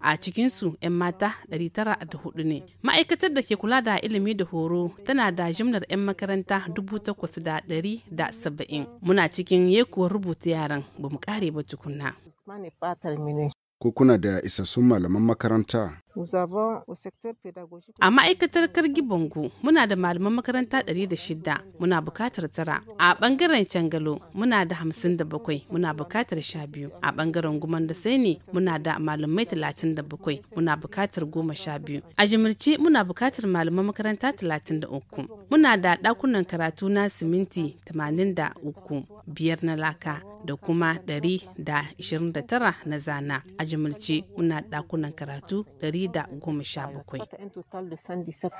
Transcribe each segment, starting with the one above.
a cikinsu 'yan mata 904 ne ma'aikatar da ke kula da ilimi da horo tana da jimlar 'yan makaranta 8,170 muna cikin yekuwar rubuta yaran ba mu kare ba tukunna ko kuna da isassun malaman makaranta A ma'aikatar Kargi Bongo muna da malaman makaranta 106 muna bukatar tara. A bangaren Cangalo muna da 57 muna bukatar 12. A bangaren Guman da Saini muna da malamai 37 muna bukatar 12. A Jimirce muna bukatar malaman makaranta 33. Muna da dakunan karatu na siminti 83 biyar na laka da kuma 129 na zana. A Jimirce muna dakunan karatu 100 117.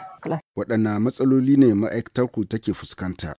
Waɗanne matsaloli ne ma'aikatarku take fuskanta?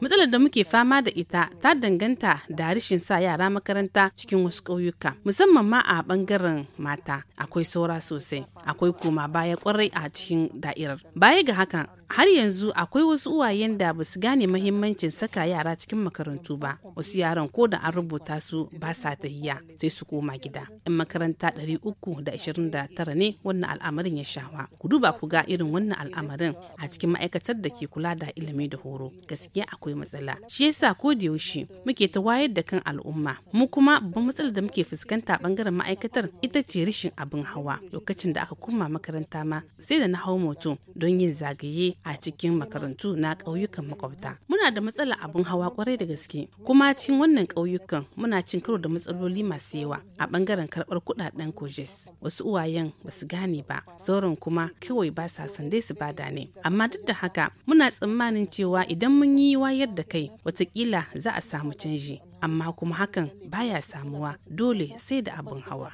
Matsalar da muke fama da ita ta danganta da rashin sa yara makaranta cikin wasu ƙauyuka, musamman ma a ɓangaren mata akwai saura sosai, akwai koma baya kwarai a cikin da'irar. Baya ga hakan, har yanzu akwai wasu uwayen da ba su gane mahimmancin saka yara cikin makarantu ba, wasu yaran ko da an rubuta su ba sa tahiya sai su koma gida. Yan makaranta 329 ne wannan al'amarin ya shawa. Ku duba ku ga irin wannan al'amarin a cikin ma'aikatar da ke ke kula da ilimi da horo gaskiya akwai matsala shi yasa ko da yaushe muke ta wayar da kan al'umma mu kuma babban matsalar da muke fuskanta bangaren ma'aikatar ita ce rashin abin hawa lokacin da aka koma makaranta ma sai da na hau moto don yin zagaye a cikin makarantu na ƙauyukan makwabta muna da matsalar abin hawa kwarai da gaske kuma cikin wannan ƙauyukan muna cin karo da matsaloli masu yawa a bangaren karɓar kuɗaɗen kojes wasu uwayen basu gane ba sauran kuma kawai ba sa sande su bada ne amma duk da haka muna muna tsammanin cewa idan mun yi wayar da kai watakila za a samu canji amma kuma hakan baya samuwa dole sai da abin hawa